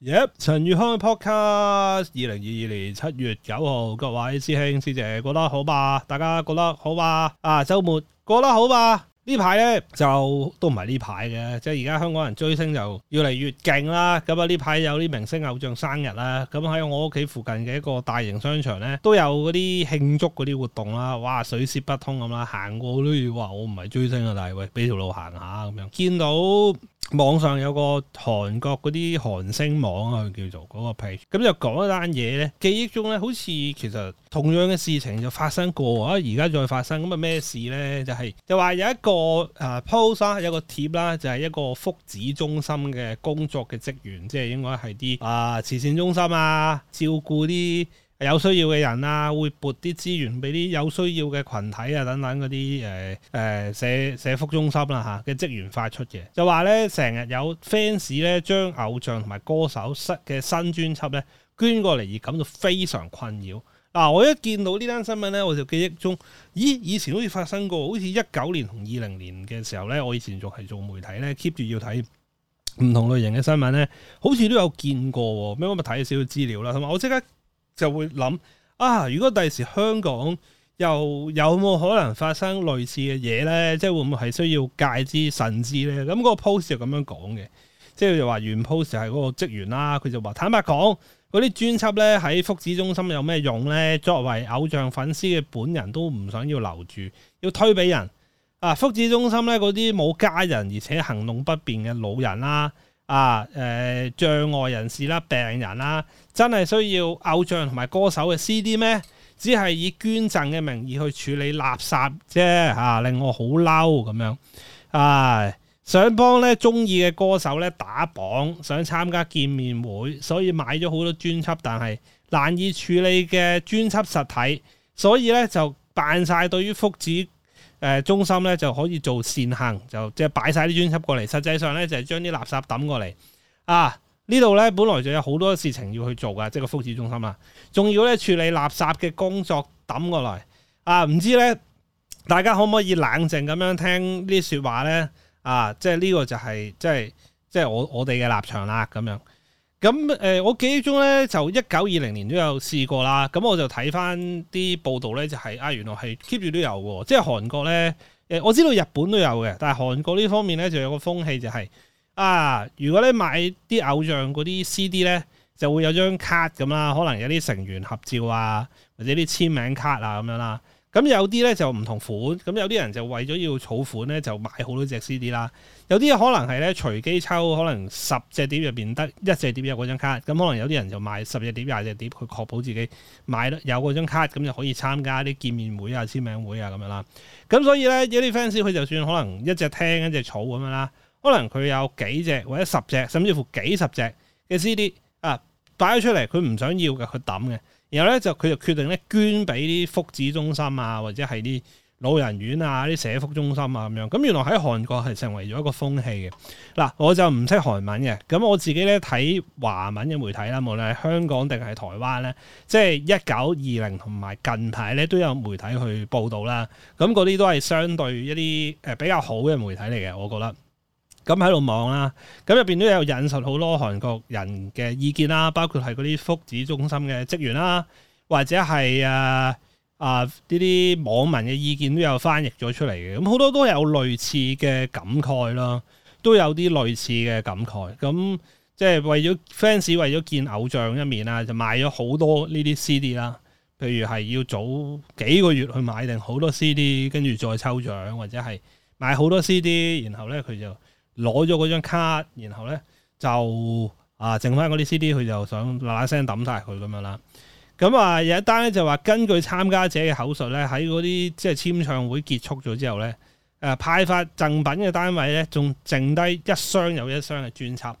yep，陳宇康嘅 podcast，二零二二年七月九號，各位師兄師姐過得好吧？大家過得好吧？啊，周末過得好吧？呢排呢，就都唔係呢排嘅，即係而家香港人追星就越嚟越勁啦。咁啊呢排有啲明星偶像生日啦，咁喺我屋企附近嘅一個大型商場呢，都有嗰啲慶祝嗰啲活動啦。哇，水泄不通咁啦，行過都要話我唔係追星啊，但係喂俾條路行下咁樣，見到。網上有個韓國嗰啲韓星網啊，叫做嗰個 page，咁就講一單嘢咧。記憶中咧，好似其實同樣嘅事情就發生過，而家再發生咁啊咩事咧？就係、是、就話有一個啊 post 啦，有一個貼啦，就係、是、一個福祉中心嘅工作嘅職員，即係應該係啲啊慈善中心啊，照顧啲。有需要嘅人啊，會撥啲資源俾啲有需要嘅群體啊，等等嗰啲誒誒社社福中心啦吓嘅職員發出嘅，就話咧成日有 fans 咧將偶像同埋歌手新嘅新專輯咧捐過嚟，而感到非常困擾。嗱、啊，我一見到呢單新聞咧，我就記憶中，咦？以前好似發生過，好似一九年同二零年嘅時候咧，我以前仲係做媒體咧，keep 住要睇唔同類型嘅新聞咧，好似都有見過。咩？我咪睇少少資料啦，同埋我即刻。就會諗啊，如果第時香港又有冇可能發生類似嘅嘢呢？即係會唔會係需要戒之慎之呢？那」咁個 post 就咁樣講嘅，即係就話原 post 係嗰個職員啦、啊，佢就話坦白講，嗰啲專輯呢喺福祉中心有咩用呢？作為偶像粉絲嘅本人都唔想要留住，要推俾人啊。福祉中心呢，嗰啲冇家人而且行動不便嘅老人啦、啊。啊，誒、呃、障礙人士啦、病人啦、啊，真係需要偶像同埋歌手嘅 CD 咩？只係以捐贈嘅名義去處理垃圾啫，嚇、啊、令我好嬲咁樣。唉、啊，想幫咧中意嘅歌手咧打榜，想參加見面會，所以買咗好多專輯，但係難以處理嘅專輯實體，所以咧就扮晒對於福祉。誒中心咧就可以做善行，就即係擺晒啲專輯過嚟。實際上咧就係將啲垃圾抌過嚟。啊，呢度咧本來就有好多事情要去做噶，即係個福祉中心啦，仲要咧處理垃圾嘅工作抌過來。啊，唔知咧大家可唔可以冷靜咁樣聽啲説話咧？啊，即係呢個就係即係即係我我哋嘅立場啦咁樣。咁誒、呃，我記憶中咧就一九二零年都有試過啦。咁我就睇返啲報道咧，就係、是、啊，原來係 keep 住都有嘅。即係韓國咧，誒、呃，我知道日本都有嘅，但係韓國呢方面咧就有個風氣、就是，就係啊，如果咧買啲偶像嗰啲 CD 咧，就會有張卡咁啦，可能有啲成員合照啊，或者啲簽名卡啊咁樣啦、啊。咁有啲咧就唔同款，咁有啲人就為咗要儲款咧，就買好多隻 CD 啦。有啲可能係咧隨機抽，可能十隻碟入邊得一隻碟有嗰張卡，咁可能有啲人就買十隻碟、廿隻碟，去確保自己買得有嗰張卡，咁就可以參加啲見面會啊、簽名會啊咁樣啦。咁所以咧，有啲 fans 佢就算可能一隻聽、一隻儲咁樣啦，可能佢有幾隻或者十隻，甚至乎幾十隻嘅 CD 啊擺咗出嚟，佢唔想要嘅，佢抌嘅。然後咧就佢就決定咧捐俾啲福祉中心啊，或者係啲老人院啊、啲社福中心啊咁樣。咁原來喺韓國係成為咗一個風氣嘅。嗱，我就唔識韓文嘅，咁我自己咧睇華文嘅媒體啦，無論係香港定係台灣咧，即係一九二零同埋近排咧都有媒體去報道啦。咁嗰啲都係相對一啲誒比較好嘅媒體嚟嘅，我覺得。咁喺度望啦，咁入邊都有引述好多韓國人嘅意見啦，包括係嗰啲福祉中心嘅職員啦，或者係啊啊呢啲網民嘅意見都有翻譯咗出嚟嘅，咁好多都有類似嘅感慨啦，都有啲類似嘅感慨。咁即係為咗 fans 為咗見偶像一面啊，就買咗好多呢啲 CD 啦，譬如係要早幾個月去買定好多 CD，跟住再抽獎，或者係買好多 CD，然後咧佢就。攞咗嗰張卡，然後咧就啊，剩翻嗰啲 CD，佢就想嗱嗱聲抌晒佢咁樣啦。咁啊有一單咧就話，根據參加者嘅口述咧，喺嗰啲即係簽唱會結束咗之後咧，誒、啊、派發贈品嘅單位咧仲剩低一箱又一箱嘅專輯，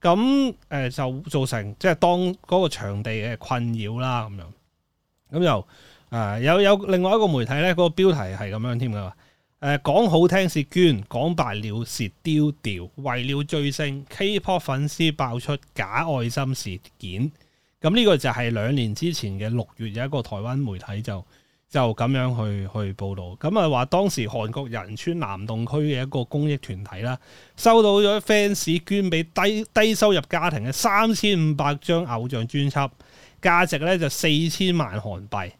咁誒、呃、就造成即係當嗰個場地嘅困擾啦咁樣。咁又啊有有另外一個媒體咧，嗰、嗰個標題係咁樣添㗎。誒、講好聽是捐，講白了是丟掉。為了追星，K-pop 粉絲爆出假愛心事件。咁呢個就係兩年之前嘅六月，有一個台灣媒體就就咁樣去去報導。咁啊話當時韓國仁川南洞區嘅一個公益團體啦，收到咗 fans 捐俾低低收入家庭嘅三千五百張偶像專輯，價值呢就四千萬韓幣。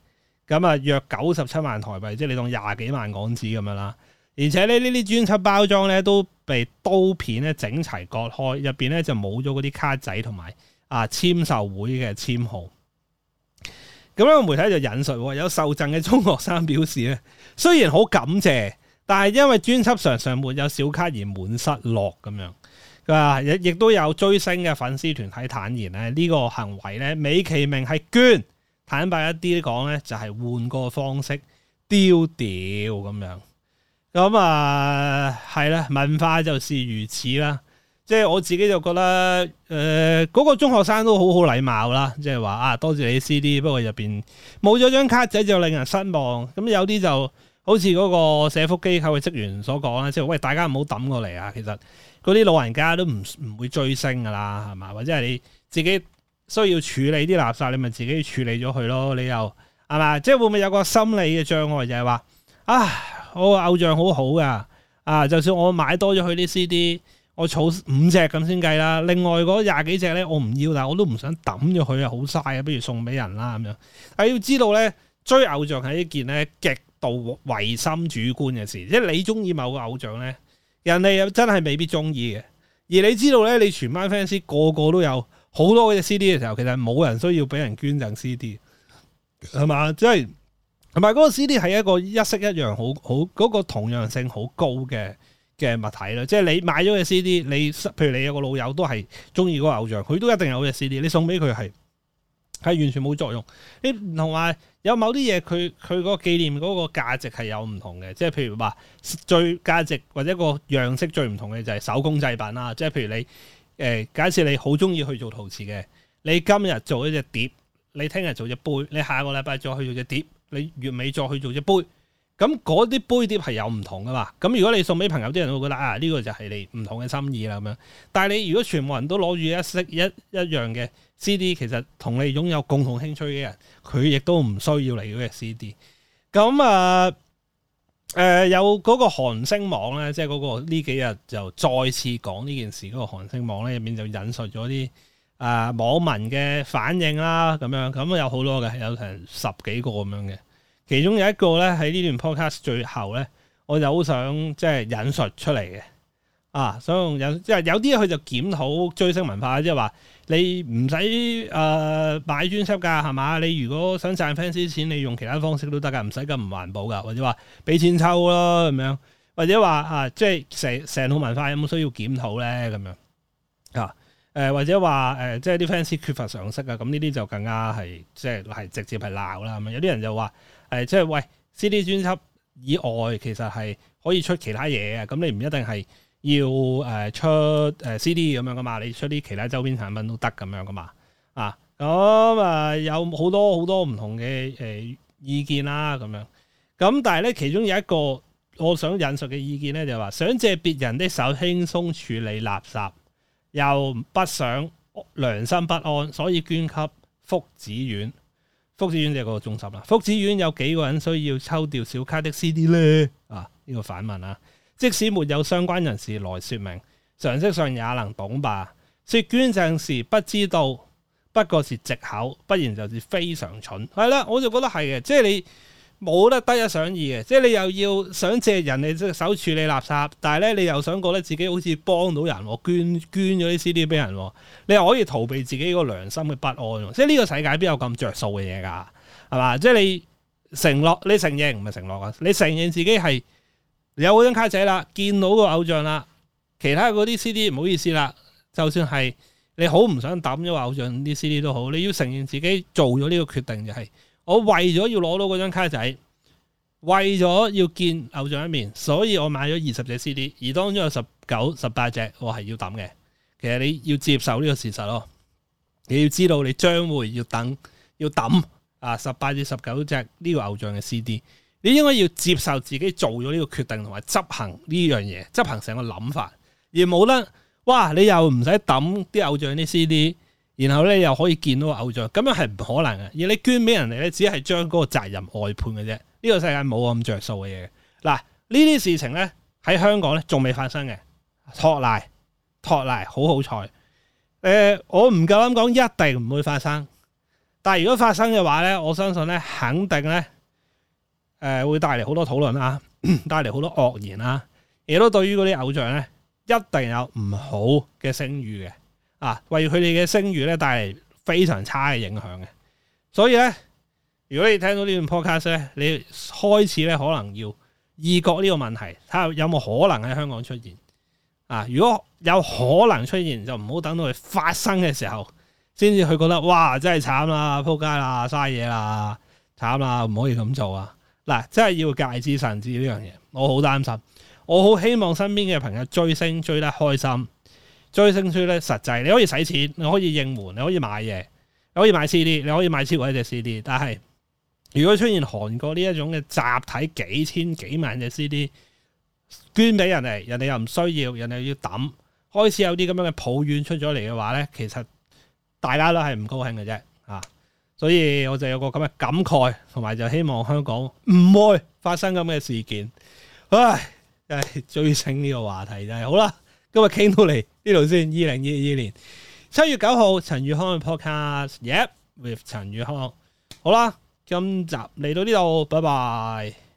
咁啊，約九十七萬台幣，即係你當廿幾萬港紙咁樣啦。而且咧呢啲專輯包裝咧都被刀片咧整齊割開，入邊咧就冇咗嗰啲卡仔同埋啊簽售會嘅簽號。咁樣媒體就引述有受贈嘅中學生表示咧，雖然好感謝，但係因為專輯常常沒有小卡而滿失落咁樣。啊，亦亦都有追星嘅粉絲團體坦言咧，呢、呢個行為咧美其名係捐。坦白一啲講咧，就係、是、換個方式丟掉咁樣。咁、嗯、啊，係啦，文化就是如此啦。即係我自己就覺得，誒、呃、嗰、那個中學生都好好禮貌啦。即係話啊，多謝你 CD，不過入邊冇咗張卡仔就令人失望。咁、嗯、有啲就好似嗰個社福機構嘅職員所講啦，即係喂大家唔好抌過嚟啊。其實嗰啲老人家都唔唔會追星噶啦，係嘛？或者係你自己。需要處理啲垃圾，你咪自己處理咗佢咯。你又係嘛？即係會唔會有個心理嘅障礙，就係話啊，我個偶像好好嘅啊，就算我買多咗佢啲 CD，我儲五隻咁先計啦。另外嗰廿幾隻咧，我唔要，但我都唔想抌咗佢啊，好嘥啊，不如送俾人啦咁樣。啊，要知道咧，追偶像係一件咧極度唯心主觀嘅事，即係你中意某個偶像咧，人哋又真係未必中意嘅。而你知道咧，你全班 fans 個個都有。好多隻 CD 嘅時候，其實冇人需要俾人捐贈 CD，係嘛？即係同埋嗰個 CD 係一個一式一樣，好好嗰、嗰個同樣性好高嘅嘅物體啦。即係你買咗隻 CD，你譬如你有個老友都係中意嗰個偶像，佢都一定有隻 CD，你送俾佢係係完全冇作用。你唔同話有某啲嘢，佢佢嗰個紀念嗰個價值係有唔同嘅。即係譬如話最價值或者個樣式最唔同嘅就係手工製品啦。即係譬如你。誒，假設你好中意去做陶瓷嘅，你今日做一隻碟，你聽日做隻杯，你下個禮拜再去做隻碟，你月尾再去做隻杯，咁嗰啲杯碟係有唔同噶嘛？咁如果你送俾朋友啲人，人會覺得啊呢個就係你唔同嘅心意啦咁樣。但係你如果全部人都攞住一式一一樣嘅 CD，其實同你擁有共同興趣嘅人，佢亦都唔需要你嗰隻 CD。咁啊～誒、呃，有嗰個韓星網咧，即係嗰個呢幾日就再次講呢件事，嗰、嗰個韓星網咧入面就引述咗啲啊網民嘅反應啦，咁樣，咁有好多嘅，有成十幾個咁樣嘅，其中有一個咧，喺呢段 podcast 最後咧，我就好想即係引述出嚟嘅。啊！所以有即係有啲，佢就檢討追星文化即係話你唔使誒買專輯噶，係嘛？你如果想賺 fans 啲錢，你用其他方式都得噶，唔使咁唔環保噶，或者話俾錢抽咯咁樣，或者話啊，即係成成套文化有冇需要檢討咧？咁樣啊？誒、呃，或者話誒、呃，即係啲 fans 缺乏常識啊？咁呢啲就更加係即係係直接係鬧啦。咁有啲人就話誒、呃，即係喂 CD 專輯以外，其實係可以出其他嘢啊。咁你唔一定係。要誒出誒 CD 咁樣噶嘛？你出啲其他周邊產品都得咁樣噶嘛？啊，咁啊有好多好多唔同嘅誒、呃、意見啦咁、啊、樣。咁但係咧，其中有一個我想引述嘅意見咧，就係、是、話想借別人的手輕鬆處理垃圾，又不想良心不安，所以捐給福祉院。福祉院就係嗰個中心啦。福祉院有幾個人需要抽掉小卡的 CD 咧？啊，呢、這個反問啊！即使沒有相關人士來說明，常識上也能懂吧？說捐贈時不知道，不過是借口，不然就是非常蠢。係啦，我就覺得係嘅，即係你冇得得一想二嘅，即係你又要想借人哋隻手處理垃圾，但係咧你又想覺得自己好似幫到人，捐捐咗呢啲 CD 俾人，你又可以逃避自己個良心嘅不安。即係呢個世界邊有咁着數嘅嘢噶？係嘛？即係你承諾，你承認唔係承諾啊？你承認自己係。有嗰張卡仔啦，見到個偶像啦，其他嗰啲 CD 唔好意思啦，就算係你好唔想抌咗偶像啲 CD 都好，你要承認自己做咗呢個決定就係、是，我為咗要攞到嗰張卡仔，為咗要見偶像一面，所以我買咗二十隻 CD，而當中有十九、十八隻我係要抌嘅，其實你要接受呢個事實咯，你要知道你將會要等要抌啊十八至十九隻呢個偶像嘅 CD。你應該要接受自己做咗呢個決定同埋執行呢樣嘢，執行成個諗法。而冇得，哇！你又唔使抌啲偶像啲 CD，然後咧又可以見到個偶像，咁樣係唔可能嘅。而你捐俾人哋咧，只係將嗰個責任外判嘅啫。呢個世界冇咁着數嘅嘢。嗱，呢啲事情咧喺香港咧仲未發生嘅，托賴托賴，好好彩。誒、呃，我唔夠膽講一定唔會發生，但係如果發生嘅話咧，我相信咧肯定咧。誒會帶嚟好多討論啊，帶嚟好多惡言啦，亦都對於嗰啲偶像咧一定有唔好嘅聲譽嘅，啊為佢哋嘅聲譽咧帶嚟非常差嘅影響嘅。所以咧，如果你聽到呢段 podcast 咧，你開始咧可能要預覺呢個問題，睇下有冇可能喺香港出現啊。如果有可能出現，就唔好等到佢發生嘅時候，先至去覺得哇，真係慘啦，撲街啦，嘥嘢啦，慘啦，唔可以咁做啊！嗱，真係要戒之慎之呢樣嘢，我好擔心，我好希望身邊嘅朋友追星追得開心，追星追得實際，你可以使錢，你可以應援，你可以買嘢，你可以買 CD，你可以買超貴嘅 CD，但係如果出現韓國呢一種嘅集體幾千幾萬隻 CD 捐俾人哋，人哋又唔需要，人哋又要抌，開始有啲咁樣嘅抱怨出咗嚟嘅話咧，其實大家都係唔高興嘅啫。所以我就有個咁嘅感慨，同埋就希望香港唔會發生咁嘅事件。唉，真係追星呢個話題真係好啦。今日傾到嚟呢度先。二零二二年七月九號，陳宇康嘅 podcast，Yep，with、yeah，陳宇康。好啦，今集嚟到呢度，拜拜。